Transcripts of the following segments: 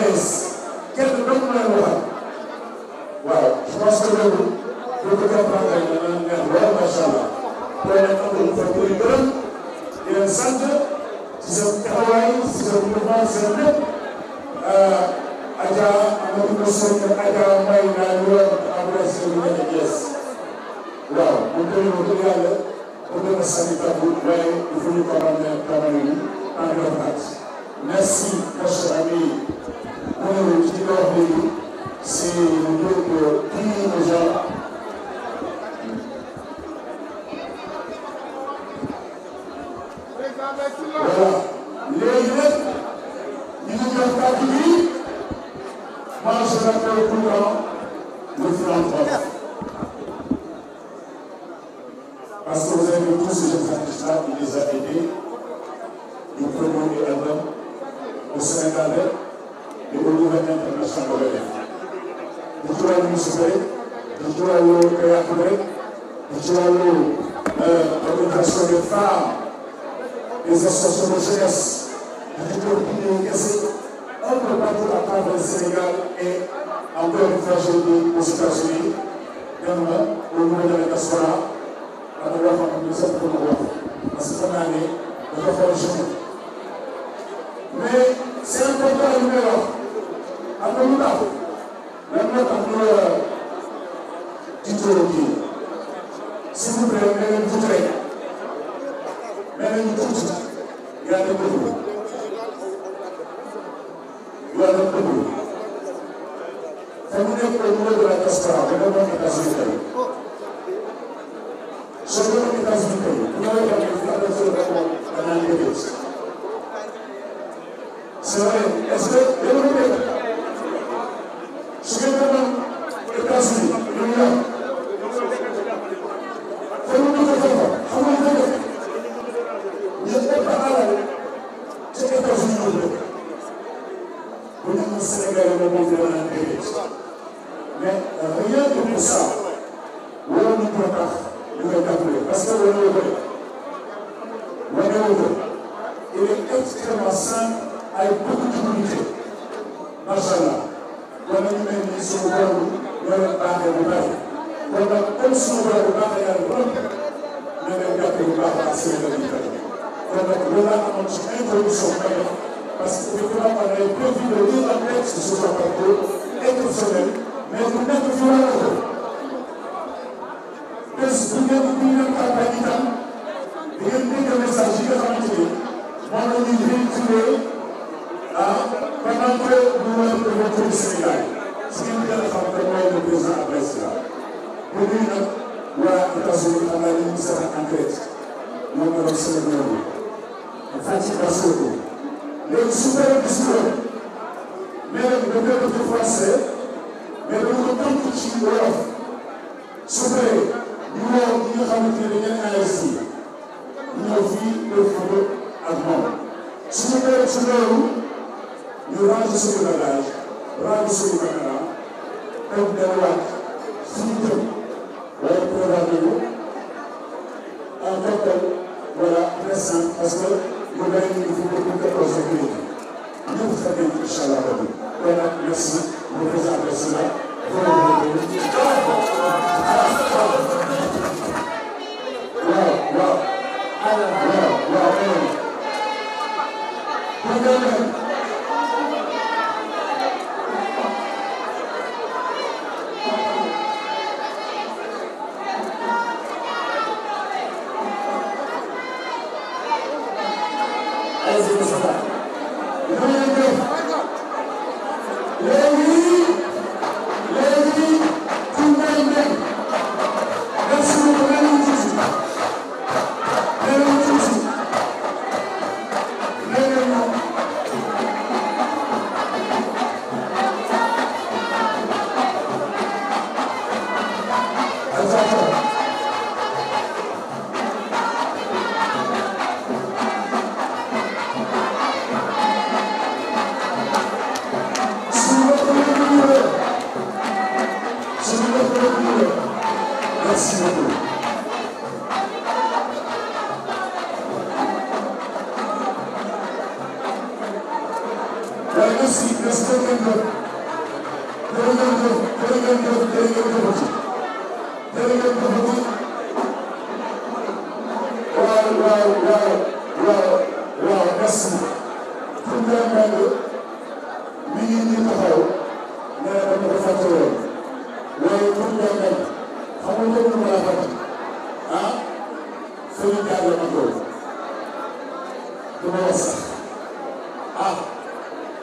Deus. peu partout à travers le Sénégal et encore une fois je dis aux États-Unis dem na au niveau de la diaspora wax dëgg yoo xam ne sax ko wax parce que xam naa ne dafa xool jeune mais c'est important li may wax am na lu tax lan moo tax ñu tiitoon kii Dio per il numero della tua strada, non è la résultat bi. kon nag loolu amoon ci introduction bi nga parce que effectivement on avait prévu de lire la texte sur son parcours exceptionnel mais bu nekk fi war a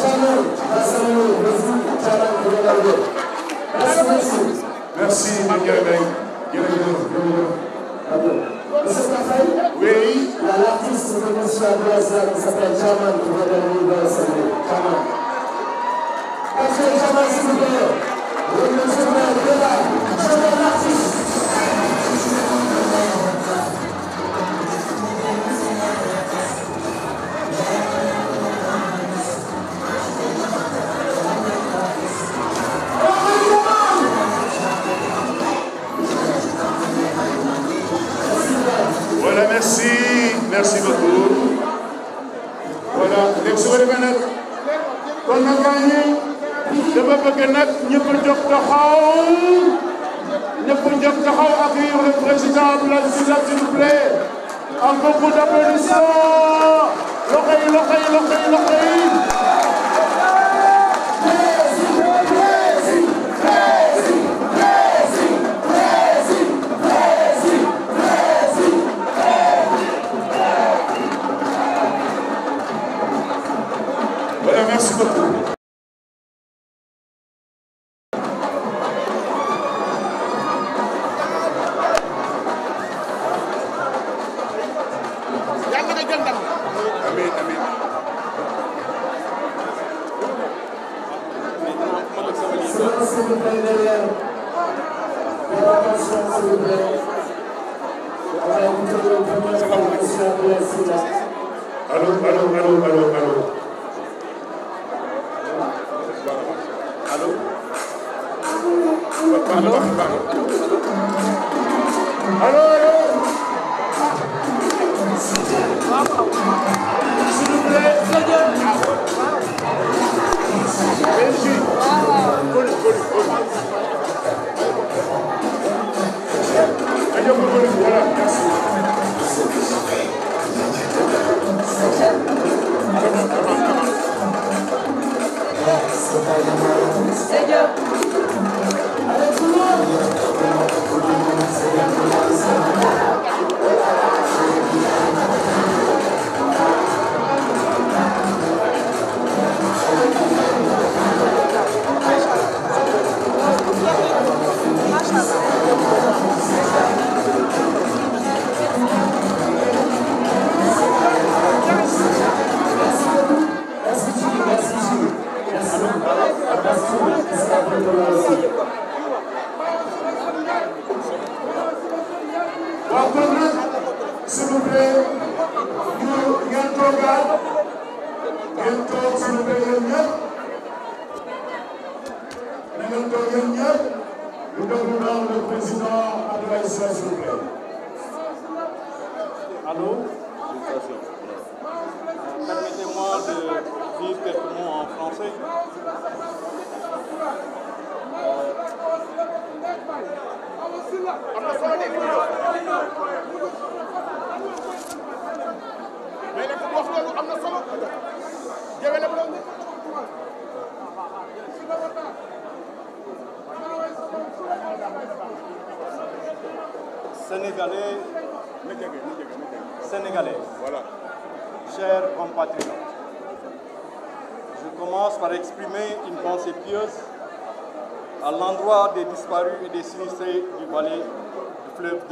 Merci, Marguerite Beng. Monsieur Safai Oui. L'artiste de M. Abouazan s'appelle Jaman, qui va donner dans la Jaman. Monsieur Jaman, s'il vous plaît. que nag ñëpp a jóg taxaw ñëpp a jóg taxaw accueillir le la République s'il vous plaît en beaucoup d'applaudissements loxo yi loxo yi loxo yi loxo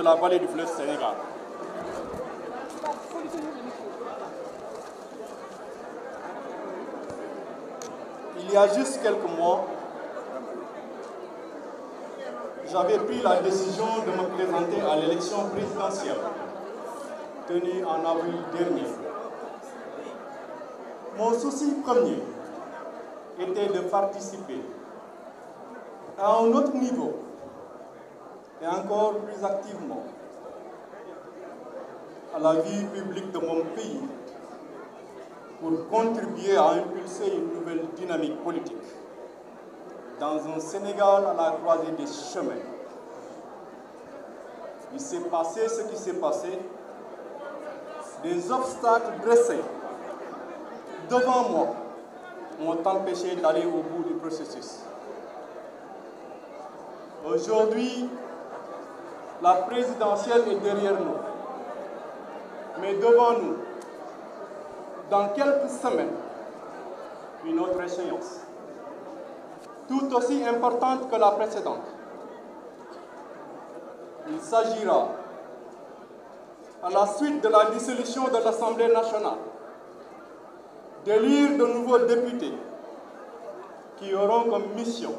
la vallée du fleuve Sénégal. Il y a juste quelques mois, j'avais pris la décision de me présenter à l'élection présidentielle tenue en avril dernier. Mon souci premier était de participer à un autre niveau et encore plus activement à la vie publique de mon pays pour contribuer à impulser une nouvelle dynamique politique dans un Sénégal à la croisée des chemins. Il s'est passé ce qui s'est passé, des obstacles dressés devant moi m'ont empêché d'aller au bout du processus. Aujourd'hui, La présidentielle est derrière nous. Mais devant nous, dans quelques semaines, une autre échéance, tout aussi importante que la précédente. Il s'agira, à la suite de la dissolution de l'Assemblée nationale, d'élire de nouveaux députés qui auront comme mission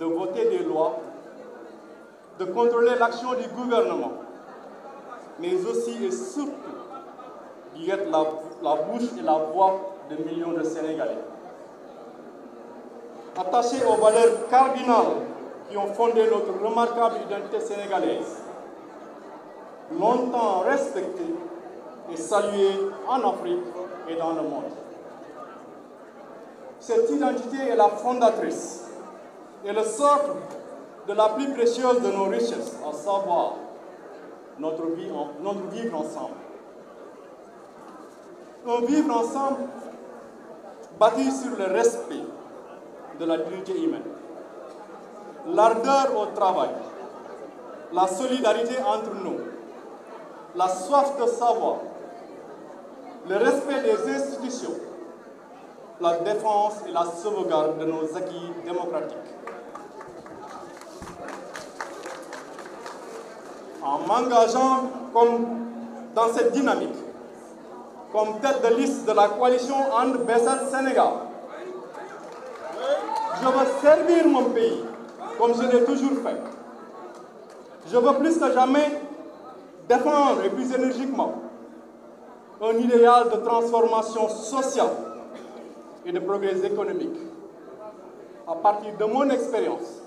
de voter des lois de contrôler l'action du gouvernement, mais aussi et surtout d'y la, bouche et la voix de millions de Sénégalais. Attachés aux valeurs cardinales qui ont fondé notre remarquable identité sénégalaise, longtemps respectée et saluée en Afrique et dans le monde. Cette identité est la fondatrice et le socle de la plus précieuse de nos richesses, à savoir notre, vie en, notre vivre ensemble. Un vivre ensemble bâti sur le respect de la dignité humaine, l'ardeur au travail, la solidarité entre nous, la soif de savoir, le respect des institutions, la défense et la sauvegarde de nos acquis démocratiques. en m'engageant comme dans cette dynamique comme tête de liste de la coalition And Bessal Sénégal. Je veux servir mon pays comme je l'ai toujours fait. Je veux plus que jamais défendre et plus énergiquement un idéal de transformation sociale et de progrès économique. À partir de mon expérience,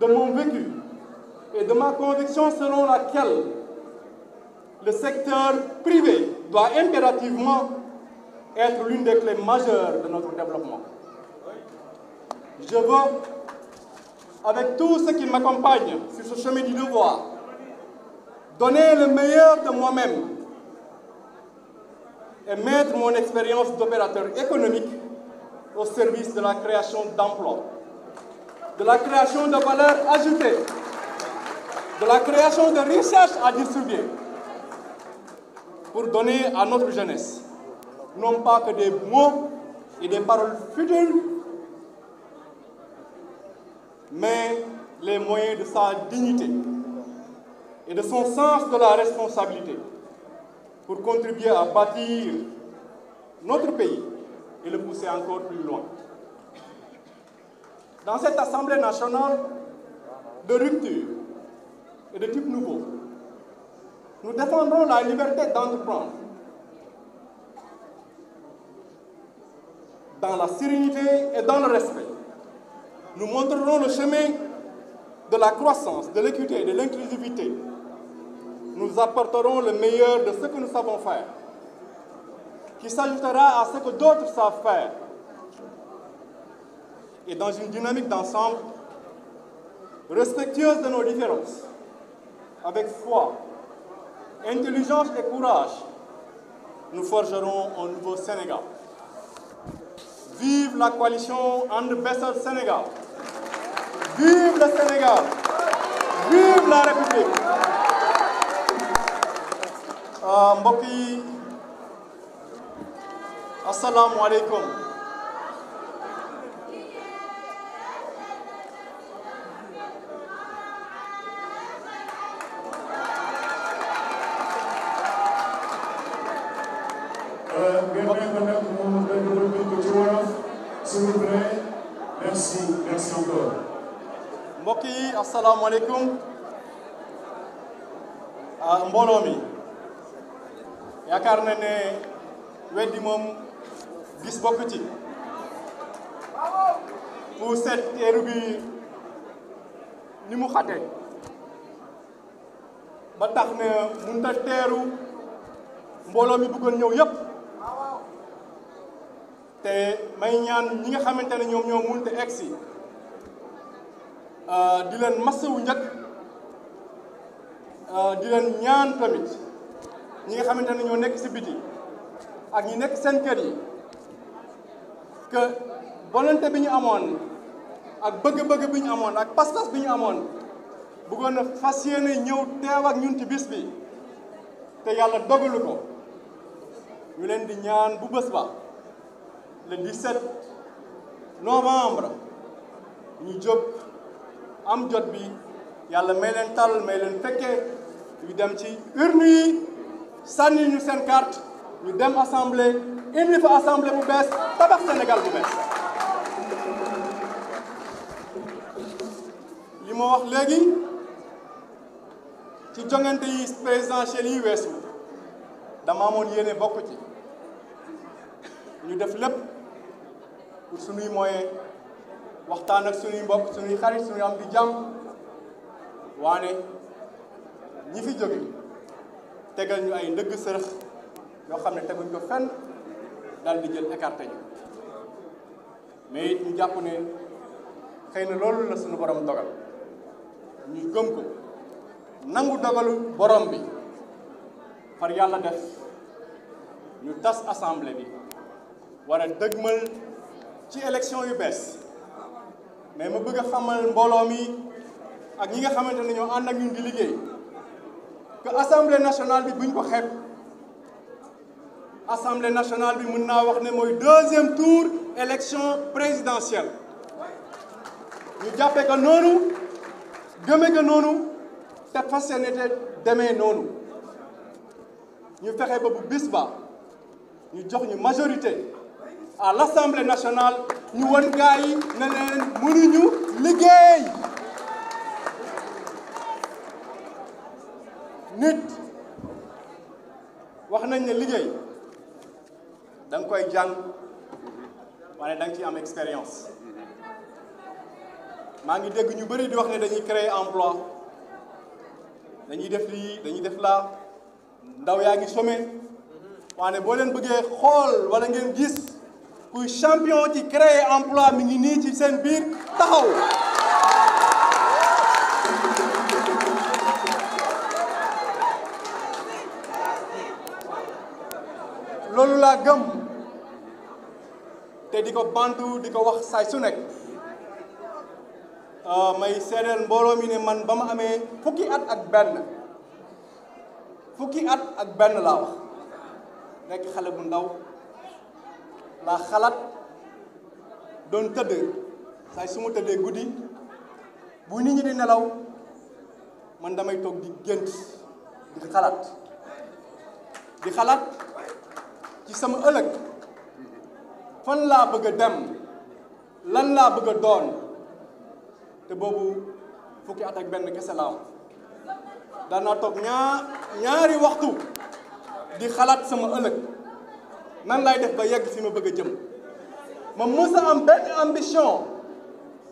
de mon vécu, et de ma conviction selon laquelle le secteur privé doit impérativement être l'une des clés majeures de notre développement. Je veux, avec tous ceux qui m'accompagnent sur ce chemin du devoir, donner le meilleur de moi-même et mettre mon expérience d'opérateur économique au service de la création d'emplois, de la création de valeur ajoutée de la création de richesses à distribuer pour donner à notre jeunesse, non pas que des mots et des paroles futiles, mais les moyens de sa dignité et de son sens de la responsabilité pour contribuer à bâtir notre pays et le pousser encore plus loin. Dans cette Assemblée nationale de rupture, de type nouveau. Nous défendons la liberté d'entreprendre dans la sérénité et dans le respect. Nous montrerons le chemin de la croissance, de l'équité, de l'inclusivité. Nous apporterons le meilleur de ce que nous savons faire, qui s'ajoutera à ce que d'autres savent faire. Et dans une dynamique d'ensemble respectueuse de nos différences, avec foi, intelligence et courage, nous forgerons un nouveau Sénégal. Vive la coalition And Bessel Sénégal. Sénégal. Vive la République. Euh, mbokk yi asalaamaaleykum asalaamaaleykum ah mbooloo mi yaakaar na ne weddi moom gis bokk ci pour seet teeru bi ni mu xate ba tax ne mun ta teeru mbooloo mi buggoon ñëw yépp te may ñaan ñi nga xamante ne ñoom ñoo mun te egsi Euh, di leen wu njëkk euh, di leen ñaan tamit ñi nga xamante ne ñoo nekk si biti ak ñi nekk seen kër yi que volonté bi ñu amoon ak bëgg-bëgg bi ñu amoon ak pas-pas bi ñu amoon bëggoon a fas yéene ñëw teew ak ñun ci bis bi te yàlla dogalu ko ñu leen di ñaan bu bés ba le 17 novembre ñu jóg. am jot bi yàlla may leen tal may leen fekkee ñu dem ci urne yi sànni ñu seen carte ñu dem assemblée indi fa assemblée bu bees tabax Sénégal bu bees li ma wax léegi ci jongante yi présidentielle yi weesu dama amoon yéene bokk ci ñu def lépp pour suñuy waxtaan ak suñuy mbokk suñuy xarit suñuy am di jàmm waane ñi fi jóge tegal ñu ay ndëgg sërëx yoo xam ne teguñ ko fenn daal jël écarté ñu mais ñu jàpp ne xëy na loolu la suñu borom dogal ñu gëm ko nangu dogalu borom bi par yàlla def ñu tas assemblée bi war a dëgmal ci élection yu bees mais ma bëgg a xamal mbooloo mi ak ñi nga xamante ne ñoo ànd ak ñun di liggéey que assemblée nationale bi buñ ko xeeb assemblée nationale bi mun naa wax ne mooy deuxième tour élection présidentielle ñu jàppee que noonu gëmee que noonu te fas yéene demee noonu ñu fexe ba bu bis ba ñu jox ñu majorité à l'assemblée nationale ñu wan gaa yi ne leen mënuñu liggéey nit wax nañ ne liggéey da koy jàng waane da nga ciy am expérience maa ngi dégg ñu bëri di wax ne dañuy créer emploi dañuy def lii dañuy def laa ndaw yaa ngi chômer waaye boo leen bëggee xool wala ngeen gis kuy champion ci créer emploi mi ngi nii ci seen biir taxaw loolu laa gëm te di ko bantu di ko wax saay su nekk ah, may seedeel mbooloo mi ne man ba ma amee fukki at ak benn fukki at ak benn laa wax nekk xale bu ndaw laa xalaat doon tëdd saa su ma tëddee guddi bu nit ñi di nelaw man damay toog di gént di xalaat di xalaat ci sama ëllëg fan laa bëgg a dem lan laa bëgg a doon te boobu fukki at ak benn kese laa daan toog ñaar ñaari waxtu di xalaat sama ëllëg nan laay def ba yegg fi ma bëgg a jëm ma mës a am benn ambition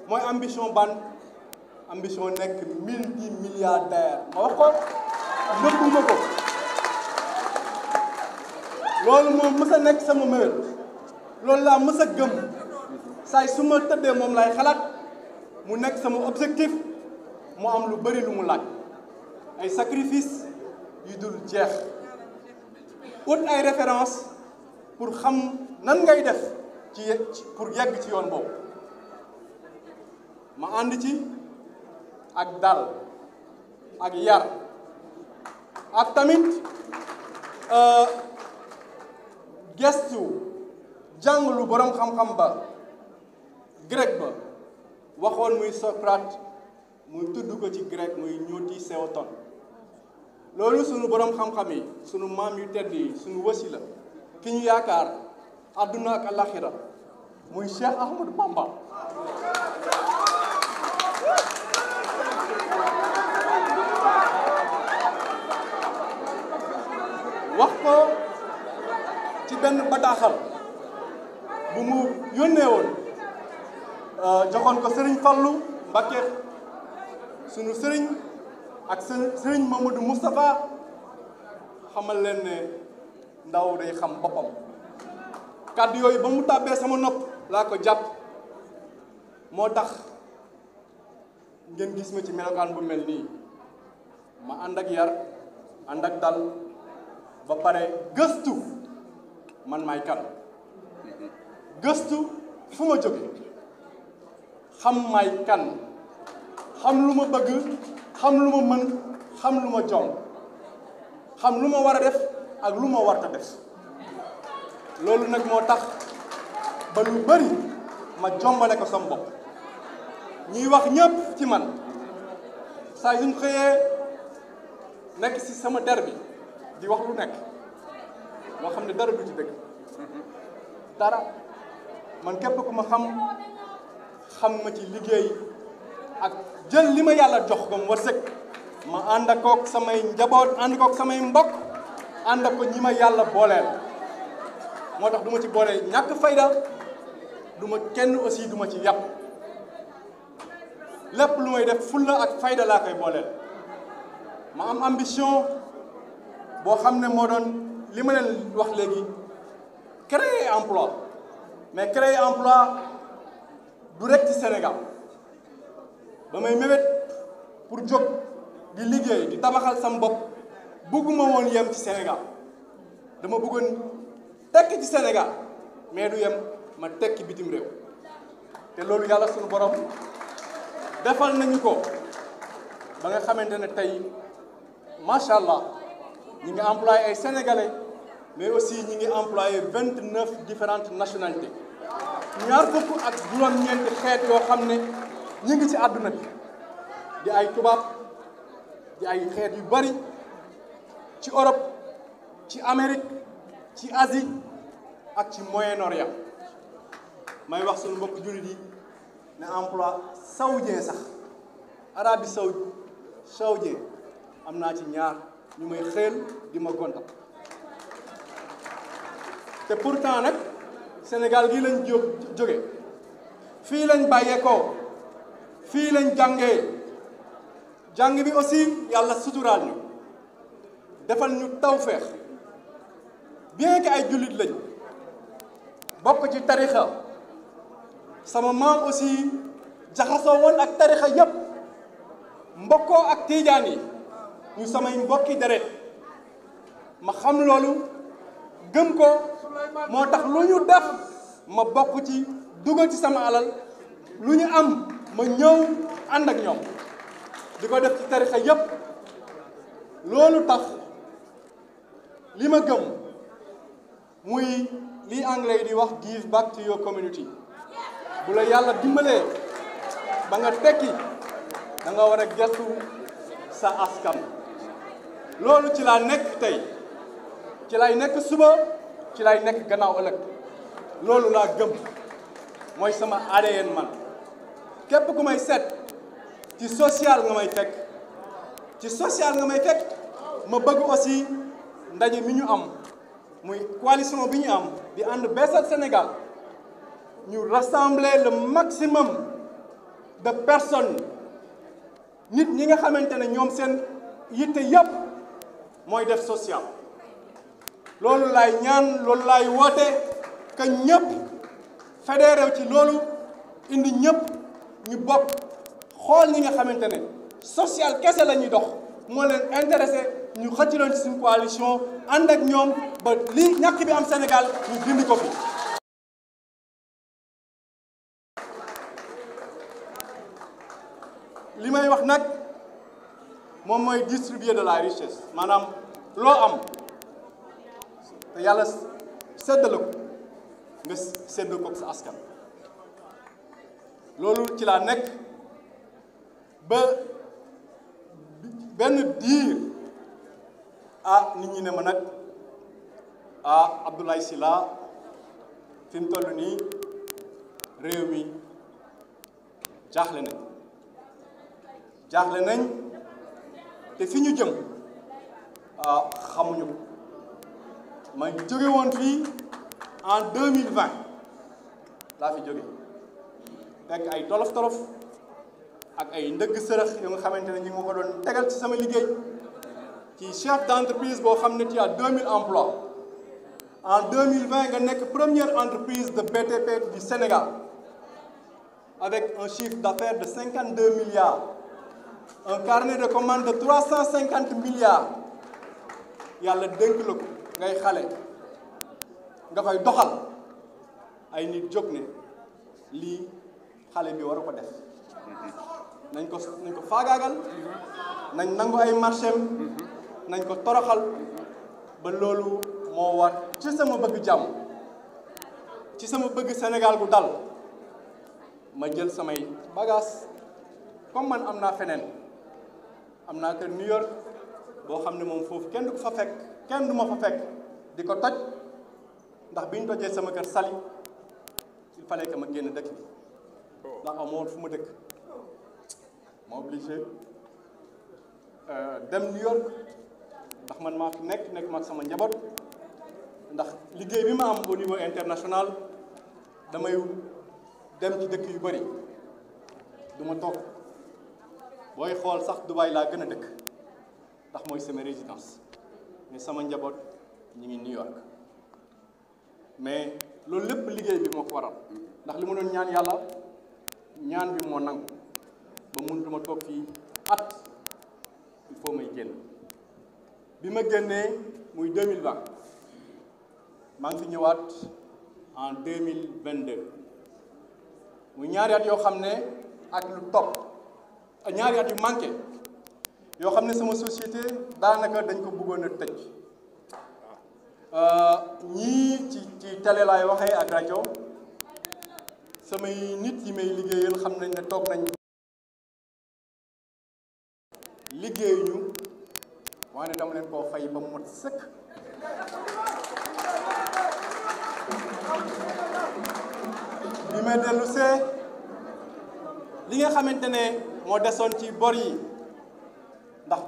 mooy ambition ban ambition nekk multi milliardaire ma wax ko nëbbuma ko loolu moom mës a nekk sama mébét loolu laa mës a gëm saay su ma tëddee moom lay xalaat mu nekk sama objectif mu am lu bari lu mu laaj ay sacrifice yu dul jeex ut ay référence pour xam nan ngay def ci pour yegg ci yoon boobu ma ànd ci ak dàll ak yar ak tamit euh, gestu jàng lu borom xam-xam ba grec ba waxoon muy Socrate muy tudd ko ci grec muy ñuuti Séoton loolu sunu boroom xam-xam yi sunu maam yu tedd yi sunu wasi la ki ñu yaakaar àdduna ak alaxira muy Cheikh Ahmadou Bamba wax ko ci benn bataaxal bu mu yónnee woon euh, joxoon ko Serigne Fallou Mbacké sunu Serigne ak Serigne Mamadou Moustapha xamal leen ndaw day xam boppam kàddu yooyu ba mu tàbbee sama nopp laa ko jàpp moo tax ngeen gis ma ci melokaan bu mel nii ma ànd ak yar ànd ak dal ba pare gëstu man maay kan gëstu fu ma jóge xam maay kan xam lu ma bëgg xam lu ma mën xam lu ma jom xam lu ma war a def ak lu ma warta a loolu nag moo tax ba lu bari ma jombale ko sama bopp ñuy wax ñëpp ci man saa yu ñu xëyee nekk ci sama der bi di wax lu nekk loo xam ne dara du ci dëgg dara man képp ku ma xam xam ma ci liggéey ak jël li ma yàlla jox ko mu wërsëg ma ànd akook samay njaboot ànd samay mbokk ànd ak ko ñi ma yàlla booleel moo tax duma ci boole ñàkk fayda duma kenn aussi duma ci yàpp lépp lu may def fulla ak fayda laa koy booleel ma am ambition boo xam ne moo doon li ma leen wax léegi créer emploi mais créer emploi du rek ci Sénégal ba may mébét pour jóg di liggéey di tabaxal sam bopp bëgguma woon yem ci Sénégal dama buggoon tekk ci Sénégal mais du yem ma tekki bitim réew te loolu yàlla suñu borom defal nañu ko ba nga xamante ne tey macha allah ñi ngi employé ay sénégalais mais aussi ñi ngi employé vingt neuf différentes nationalités ñaar fukk ak juróom-ñeenti xeet yoo xam ne ñu ngi si àdduna bi di ay tubaab di ay xeet yu bari ci Europe ci Amérique ci Asie ak ci Moyen-Orient may wax suñu mbokk jullit yi ne emploi saoudien sax Arabie saoudi saoudien am naa ci ñaar ñu may xeel di ma gontal te pourtant nag Sénégal gii lañ jóge fii lañ bàyyeekoo fii lañ jàngee jàng bi aussi yàlla suturaal ñu defal ñu tawféex bien que ay jullit lañ bokk ci tarixa sama maam aussi jaxasoo woon ak tarixa yépp mbokkoo ak tiijaan yi ñu samay mbokki deret ma xam loolu gëm ko moo tax lu ñu def ma bokk ci dugal ci sama alal lu ñu am ma ñëw ànd ak ñoom di ko def ci tarixa yépp loolu tax li ma gëm muy li anglais di wax give back to your community bu la yàlla dimbalee ba nga tekki danga nga war a gëstu sa askan loolu ci laa nekk tey ci lay nekk suba ci lay nekk gannaaw ëllëg loolu laa gëm mooy sama ADN man képp ku may set ci social nga may fekk ci social nga may fekk ma bëgg aussi ndaje mi ñu am muy coalition bi ñu am di ànd beesal Sénégal ñu rassembler le maximum de personne nit ñi nga xamante ne ñoom seen yitte yépp mooy def social loolu laay ñaan loolu laay woote ka ñëpp fédéré ci loolu indi ñëpp ñu bokk xool ñi nga xamante ne social kese la ñuy dox moo leen intéressé ñu xëcc leen ci suñu coalition ànd ak ñoom ba li ñàkk bi am Sénégal ñu dindi ko fi. li may wax nag moom mooy distribuer de la richesse maanaam loo am te yàlla séddale ko nga séddal ko sa askan. loolu ci laa nekk ba benn diir. ah nit ñi ne ma nag ah Abdoulaye Sylla fi mu toll nii réew mi jaaxle nañ jaaxle nañ te fi ñu jëm ah xamuñu ko ma jóge woon fii en deux mille vingt laa fi jóge fekk ay tolof tolof ak ay ndëgg sërëx yu nga xamante ne ñi nga ko doon tegal ci sama liggéey. ci chef d'entreprise boo xam ne tu as 2000 emplois en 2020 nga nekk première entreprise de BTP du Sénégal avec un chiffre d'affaires de 52 milliards un carnet de commande de 350 milliards yàlla dénk la ko ngay xale nga fay doxal ay nit jóg ne lii xale bi war a ko def nañ ko faagaagal nañ nangu ay marché nañ ko toroxal ba loolu moo war ci sama bëgg jàmm ci sama bëgg Sénégal bu dal ma jël samay bagages comme man am naa feneen am naa kër New York boo xam ne moom foofu kenn du ko fa fekk kenn du ma fa fekk di ko toj ndax bi ñu tojee sama kër Saly il fallait que ma génn dëkk bi ndax amoon fu ma dëkk ma obligé euh, dem New York ndax man maa fi nekk nekk maag sama njaboot ndax liggéey bi ma am au niveau international damay dem ci dëkk yu bari du toog booy xool sax Dubaï laa gën a dëkk ndax mooy sama résidence mais sama njaboot ñu ngi New York mais loolu lépp liggéey bi moo ko waral ndax li ma doon ñaan yàlla ñaan bi moo nangu ba mun duma toog fii at il faut may génn bi ma génnee muy 2020 maa ngi fi ñëwaat en 2022 muy ñaari at yoo xam ne ak lu topp ñaari yu manqué yoo xam ne sama société daanaka dañ ko buggoon a tëj euh, ñii ci ci télé laay waxee ak rajo samay nit yi may liggéeyal xam nañ ne toog nañ liggéeyuñu waaye dama leen boo fay ba mu mot sëkk bi may dellu li nga xamante ne moo desoon ci bor yi ndax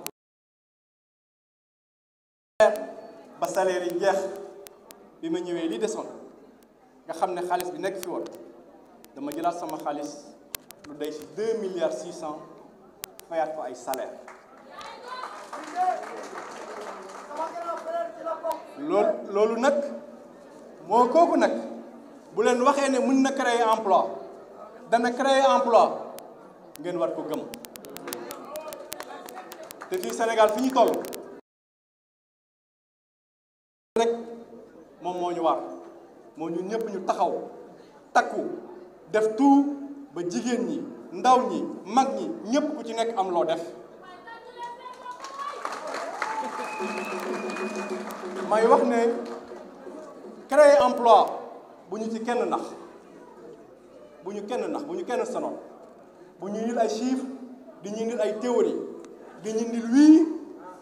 ba salaire yi jeex bi ma ñëwee li desoon nga xam ne xaalis bi nekk fi woon dama jëlaat sama xaalis lu day ci deux milliards six cent fayaat ko ay salaire lool loolu nag moo kooku nag bu leen waxee ne mën na créer emploi dana créer emploi ngeen war ko gëm te fii senegal fi ñu toll moom moo ñu war moo ñun ñëpp ñu taxaw takku def tout ba jigéen ñi ndaw ñi mag ñi ñëpp ku ci nekk am loo def may wax ne créer emploi bu ñu ci kenn nax bu ñu kenn nax bu ñu kenn sono bu ñu indil ay chiffres di ñu indil ay théorie di ñu indil wii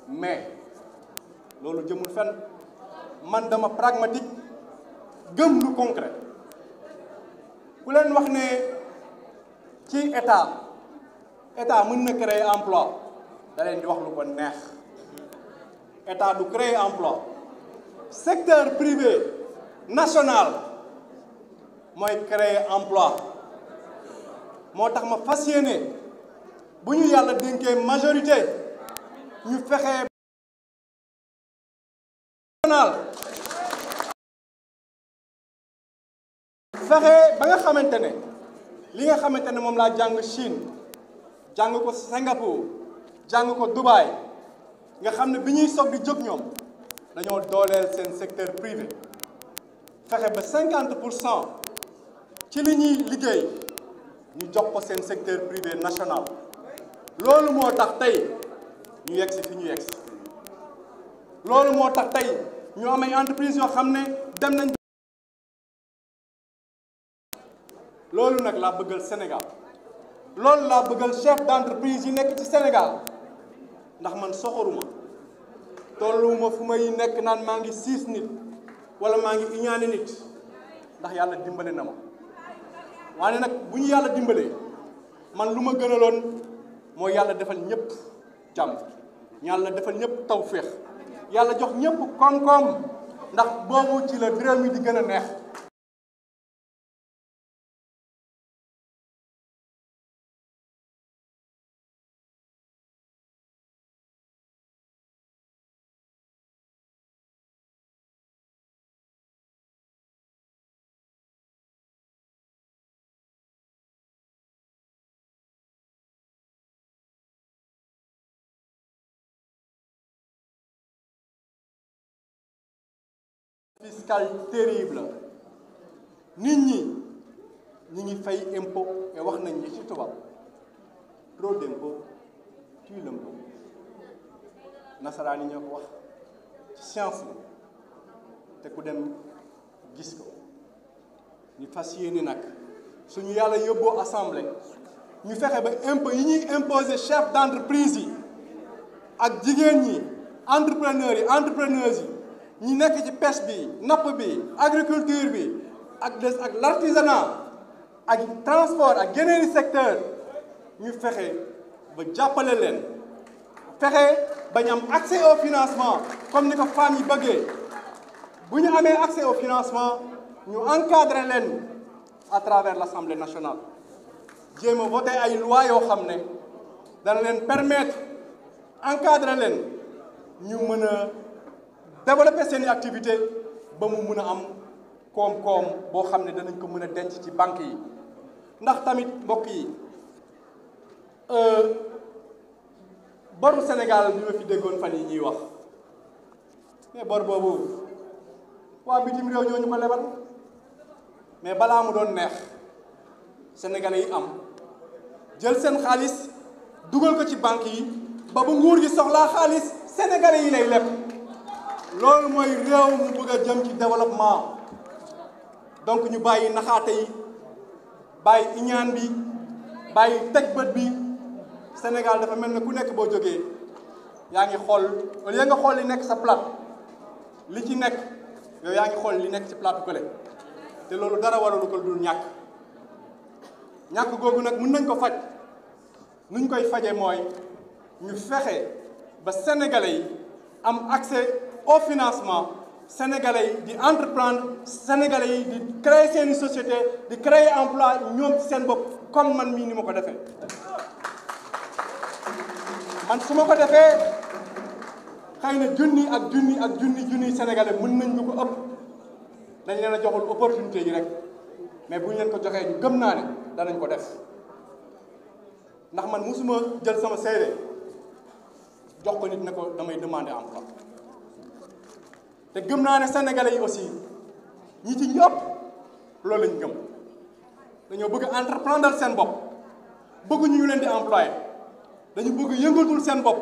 mais loolu jëmul fenn man dama pragmatique gëm lu concret ku leen wax ne ci état état mën na créer emploi da leen di wax lu ko neex état du créer emploi secteur privé national mooy créer emploi moo tax ma fas yéene bu ñu yàlla dénkee majorité ñu fexe national ba nga xamante ne li nga xamante ne moom laa jàng Chine jàng ko Singapour jàng ko Dubaï nga xam ne bi ñuy soog di jóg ñoom dañoo dooleel seen secteur privé fexe ba cinquante pour cent ci li ñuy liggéey ñu jox ko seen secteur privé national loolu moo tax tey ñu yegg si fi ñu yegg si loolu moo tax tey ñu am ay entreprise yoo xam ne dem nañ loolu nag laa bëggal Sénégal loolu laa bëggal chef d'entreprise yi nekk ci Sénégal ndax man soxoruma tolluwuma fu may nekk naan maa ngi siis nit wala maa ngi iñaane nit ndax yàlla dimbale na ma waaye nag bu ñu yàlla dimbalee man lu ma gënaloon moo yàlla defal ñëpp jàmm yàlla defal ñëpp tawféex yàlla jox ñëpp koom-koom ndax boobu ci la réew mi di gën a neex fiscale terrible nit ñi ñi ngi fay impôt et wax nañ ñi ci tubaab trop d'impôt tue l'impôt nasaraan yi ñoo ko wax ci science la te ku dem gis ko ñu fas yéene nag suñu yàlla yóbboo assemblée ñu fexe ba impôt yi ñuy imposer chef d'entreprise yi ak jigéen ñi entrepreneur yi entrepreneuses yi ñi nekk ci pêche bi napp bi agriculture bi ak des ak l'artisanat ak transport ak yeneeni secteur ñu fexe ba jàppale leen fexe ba ñu am accès au financement comme ni ko femmes yi bëggee bu ñu amee accès au financement ñu encadrer leen à travers l'Assemblée nationale jéem a voté ay loi yoo xam ne dana leen permettre encadrer leen ñu mën a développer seeni activité ba mu mun a am koom-koom boo xam ne danañ ko mën a denc ci banque yi ndax tamit mbokk yi euh, boru Sénégal bi ma fi déggoon fan yi ñuy wax mais bor boobu waa bitim réew ñoo ñu ko lebal mais balaa mu doon neex sénégalais yi am jël seen xaalis dugal ko ci banque yi ba bu nguur gi soxlaa xaalis sénégalais yi lay leb loolu mooy réew mu bëgg a jëm ci développement donc ñu bàyyi naxaate yi bàyyi iñaan bi bàyyi teg bët bi Sénégal dafa mel ne ku nekk boo jógee yaa ngi xool au lieu nga xool li nekk sa plat li ci nekk yow yaa ngi xool li nekk ci platu kële te loolu dara waralu ko dul ñàkk ñàkk googu nag mun nañ ko faj nuñ koy faje mooy ñu fexe ba sénégalais yi am accès o financement sénégalais yi di entreprendre sénégalais yi di créer seeni société di créer emploi ñoom ci seen bopp comme man mii ni ma ko defee man su ma ko defee xëy na junni ak junni ak junni junni sénégalais mën nañ ñu ko ëpp dañ leen a joxul opportunité yi rek mais bu ñu leen ko joxee ñu gëm naa ne danañ ko def ndax man musuma jël sama seede jox ko nit ne ko damay demande emploi te gëm naa ne sénégalais yi aussi ñi ci ñëpp loolu lañ gëm dañoo bëgg entreprendre seen bopp bëgguñu ñu leen di employé dañu bëgg yëngatul seen bopp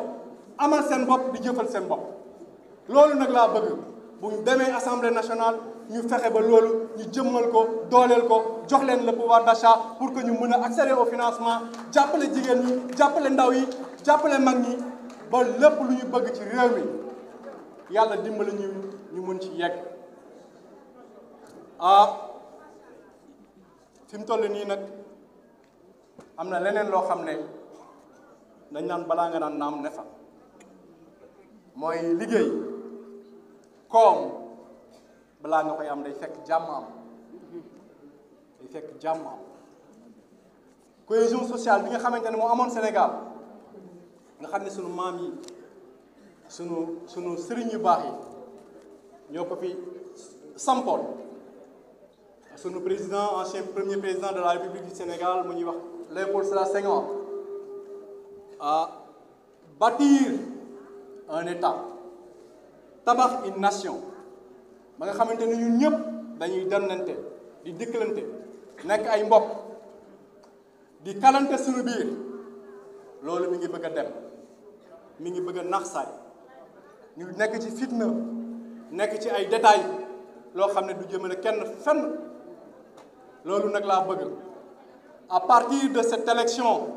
amal seen bopp di jëfal seen bopp loolu nag laa bëgg bu ñu demee assemblée nationale ñu fexe ba loolu ñu jëmmal ko dooleel ko jox leen le pouvoir d'achat pour que ñu mën a accéder au financement jàppale jigéen ñi jàppale ndaw yi jàppale mag ñi ba lépp lu ñu bëgg ci réew mi yàlla dimbali ñu. ñu mun ci yegg ah fi mu toll nii nag am na leneen loo xam ne dañ naan balaa nga naan naam ne fa mooy liggéey koom balaa nga koy am day fekk jàmm am day fekk jàmm am cohésion sociale bi nga xamante ni moo amoon Sénégal nga xam ne sunu maam yi sunu sunu sëriñ yu baax yi ñoo ko fi sampoon sunu président ancien premier président de la république du Sénégal mu ñuy wax Léopold Sédar Senghor à bâtir un état tabax une nation ba nga xamante ni ñun ñëpp dañuy demlante di dikkalante nekk ay mbokk di kalante suñu biir loolu mi ngi bëgg dem mi ngi bëgg a naxsaay ñu nekk ci fitna. nekk ci ay détails loo xam ne du jëmale kenn fenn loolu nag laa bëgg à partir de cette élection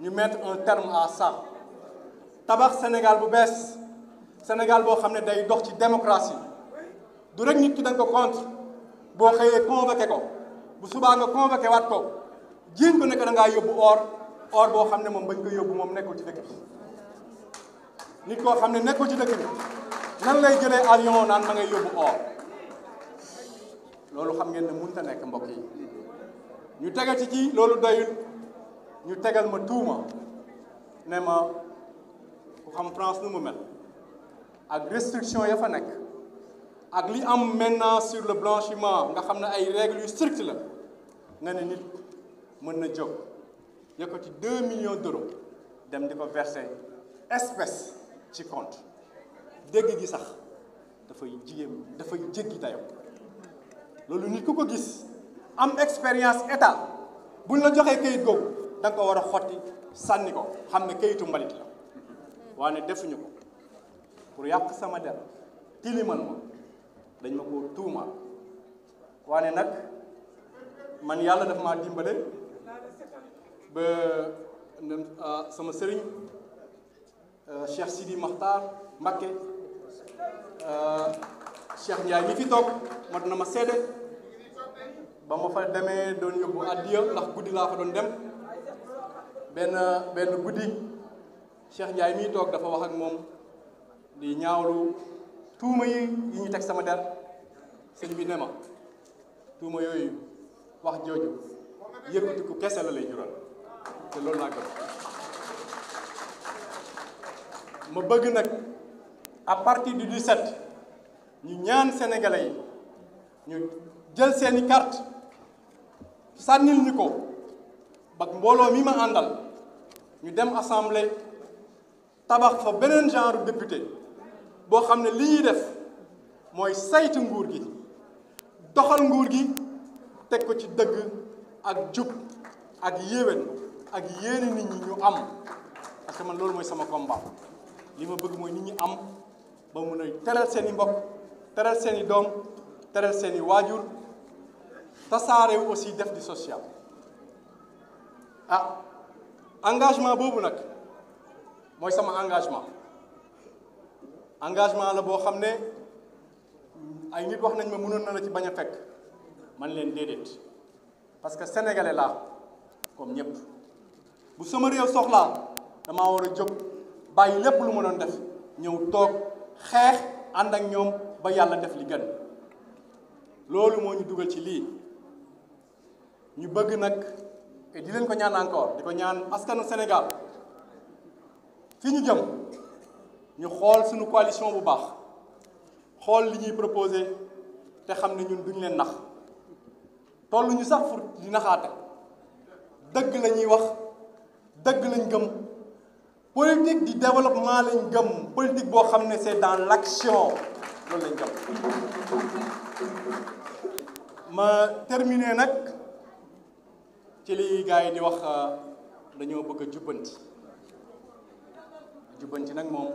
ñu mettre un terme à ça tabax Sénégal bu bees Sénégal boo xam ne day dox ci démocratie du rek nit ki da ko contre boo xëyee convoqué ko bu subaa nga convoqué waat ko jiiñ ko nekk da ngaa yóbbu or or boo xam ne moom bañ ko yóbbu moom nekkul ci dëkk bi nit koo xam ne nekkul ci dëkk bi nan lay jëlee avion naan ma ngay yóbbu or loolu xam ngeen ne mënta nekk mbokk yi ñu tegati ci loolu doyul ñu tegal ma tuuma ne ma ku xam France nu mu mel ak restriction ya fa nekk ak li am maintenant sur le blanchiment nga xam ne ay réglu yu la nga ne nit mën na jóg yëkkati 2 million d'euros dem di ko verser espèce ci compte dégg gi sax dafay jigéen dafay jéggi dayoo loolu nit ku ko gis am expérience état buñ la joxee kayit googu danga nga ko war a xotti sànni ko xam ne kayitu mbalit la waane defuñu ko pour yàq sama der tilimal ma dañ ma ko tuuma waane nag man yàlla daf ma dimbale ba ah, sama sëriñ euh, Cheikh Sidi Makhtar Mbacké Euh, Cheikh Ndiaye mi fi toog mat na ma seede ba ma fa demee doon yóbbu addiya ndax guddi laa fa doon dem benn benn guddi Cheikh Ndiaye miy toog dafa wax ak moom di ñaawlu tuuma yi yi ñu teg sama der sëñ bi ne ma tuuma yooyu wax jooju yëkkati ko kese la lay jural te loolu laa gëm ma bëgg nag à partir du 17 ñu ñaan sénégalais yi ñu jël seeni carte sànnil ñu ko ba mbooloo mi ma àndal ñu dem assemblée tabax fa beneen genre député boo xam ne li ñuy def mooy saytu nguur gi doxal nguur gi teg ko ci dëgg ak jub ak yéwén ak yéene nit ñi ñu am parce que man loolu mooy sama combat li ma bëgg mooy nit ñi am ba mun a teral seeni i mbokk teral seen i doom teral seen waajur tasaarewu aussi def di social ah engagement boobu nag mooy sama engagement engagement la boo xam ne ay nit wax nañ ma mënoon na la ci bañ a fekk man leen déedéet parce que sénégalais laa comme ñëpp bu sama réew soxlaa dama war a jóg bàyyi lépp lu ma doon def ñëw toog xeex ànd ak ñoom ba yàlla def li gën loolu moo ñu dugal ci lii ñu bëgg nag et di leen ko ñaan encore di ko ñaan askanu Sénégal fi ñu jëm ñu xool suñu coalition bu baax xool li ñuy proposé te xam ne ñun duñ leen nax tollu ñu sax pour di naxaate dëgg la ñuy wax dëgg lañ gëm politique du développement lañ gëm politique boo xam ne c'est dans l'action loolu lañ gëm ma terminer nag ci li gaa yi di wax euh, dañoo bëgg a jubbanti jubbanti nag moom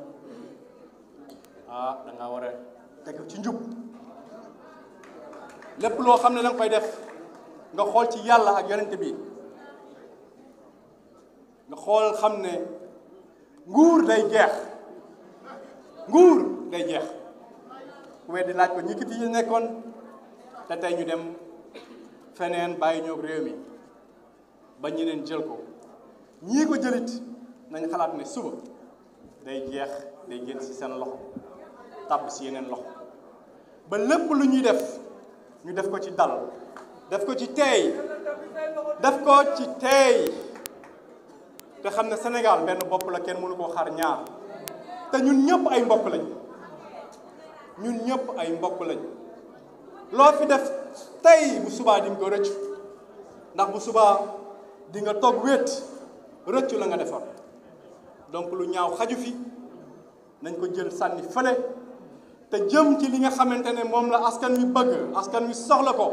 ah danga war a teg ci njub lépp loo xam ne da koy def nga xool ci yàlla ak yonent bi nga xool xam ne nguur day jeex nguur day jeex ku weddi laaj ko ñi ki fi nekkoon te tey ñu dem feneen bàyyi ñoog réew mi ba ñeneen jël ko ñii ko jëlit nañ xalaat ne suba day jeex day génn ci seen loxo tàbb ci yeneen loxo ba lépp lu ñuy def ñu def ko ci dal def ko ci teey def ko ci teey te xam ne senegal benn bopp la kenn mënu koo xaar ñaar te ñun ñëpp ay mbokk lañ ñun ñëpp ay mbokk lañ loo fi def tey bu subaa di nga ko rëccu ndax bu subaa di nga toog wéet rëccu la nga defar donc lu ñaaw xaju fi nañ ko jël sànni fële te jëm ci li nga xamante ne moom la askan wi bëgg askan wi soxla ko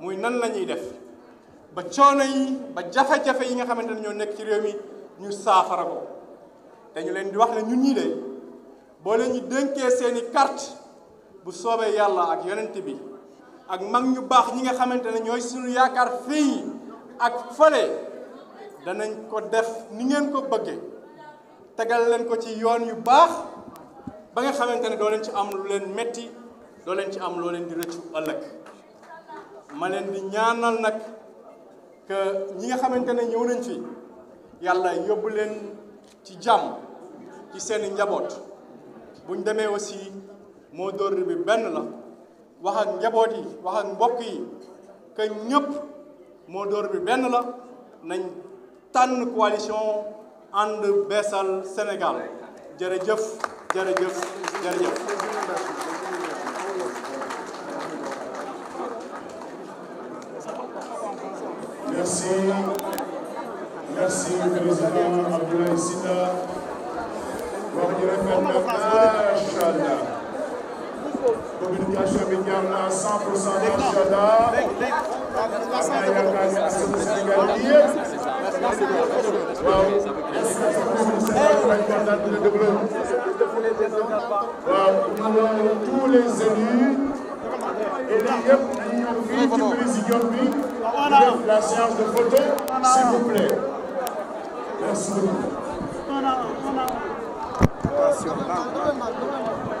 muy nan la ñuy def ba coono yi ba jafe-jafe yi nga xamante ne ñoo nekk ci réew mi ñu saafara ko te leen di wax ne ñu ñii de boo leen di dénkee seeni carte bu soobee yàlla ak yonent bi ak mag ñu baax ñi nga xamante ne ñooy suñu yaakaar fii ak fële danañ ko def ni ngeen ko bëgge tegal leen ko ci yoon yu baax ba nga xamante ne doo leen ci am lu leen metti doo leen ci am loo leen di rëccu ëllëg ma leen di ñaanal nag que ñi nga xamante ne ñëw nañ fi yàlla yóbbu leen ci jàmm ci seeni njaboot buñ demee aussi moo dóor bi benn la wax ak njaboot yi wax ak mbokk ñëpp moo door bi benn la nañ tànn coalition ànd beesal Sénégal jërëjëf jërëjëf jërëjëf merci merci président Abdoulaye Sylla wax ji rafet na macha allah communication bi jaar na 100 pour cent macha allah am na yaakaar ne askan Sénégal bi yëpp waaw waaw tous les élus élus yëpp Jimmy Zigambi pour la séance de photo, s'il vous plaît. Merci beaucoup. Attention, là.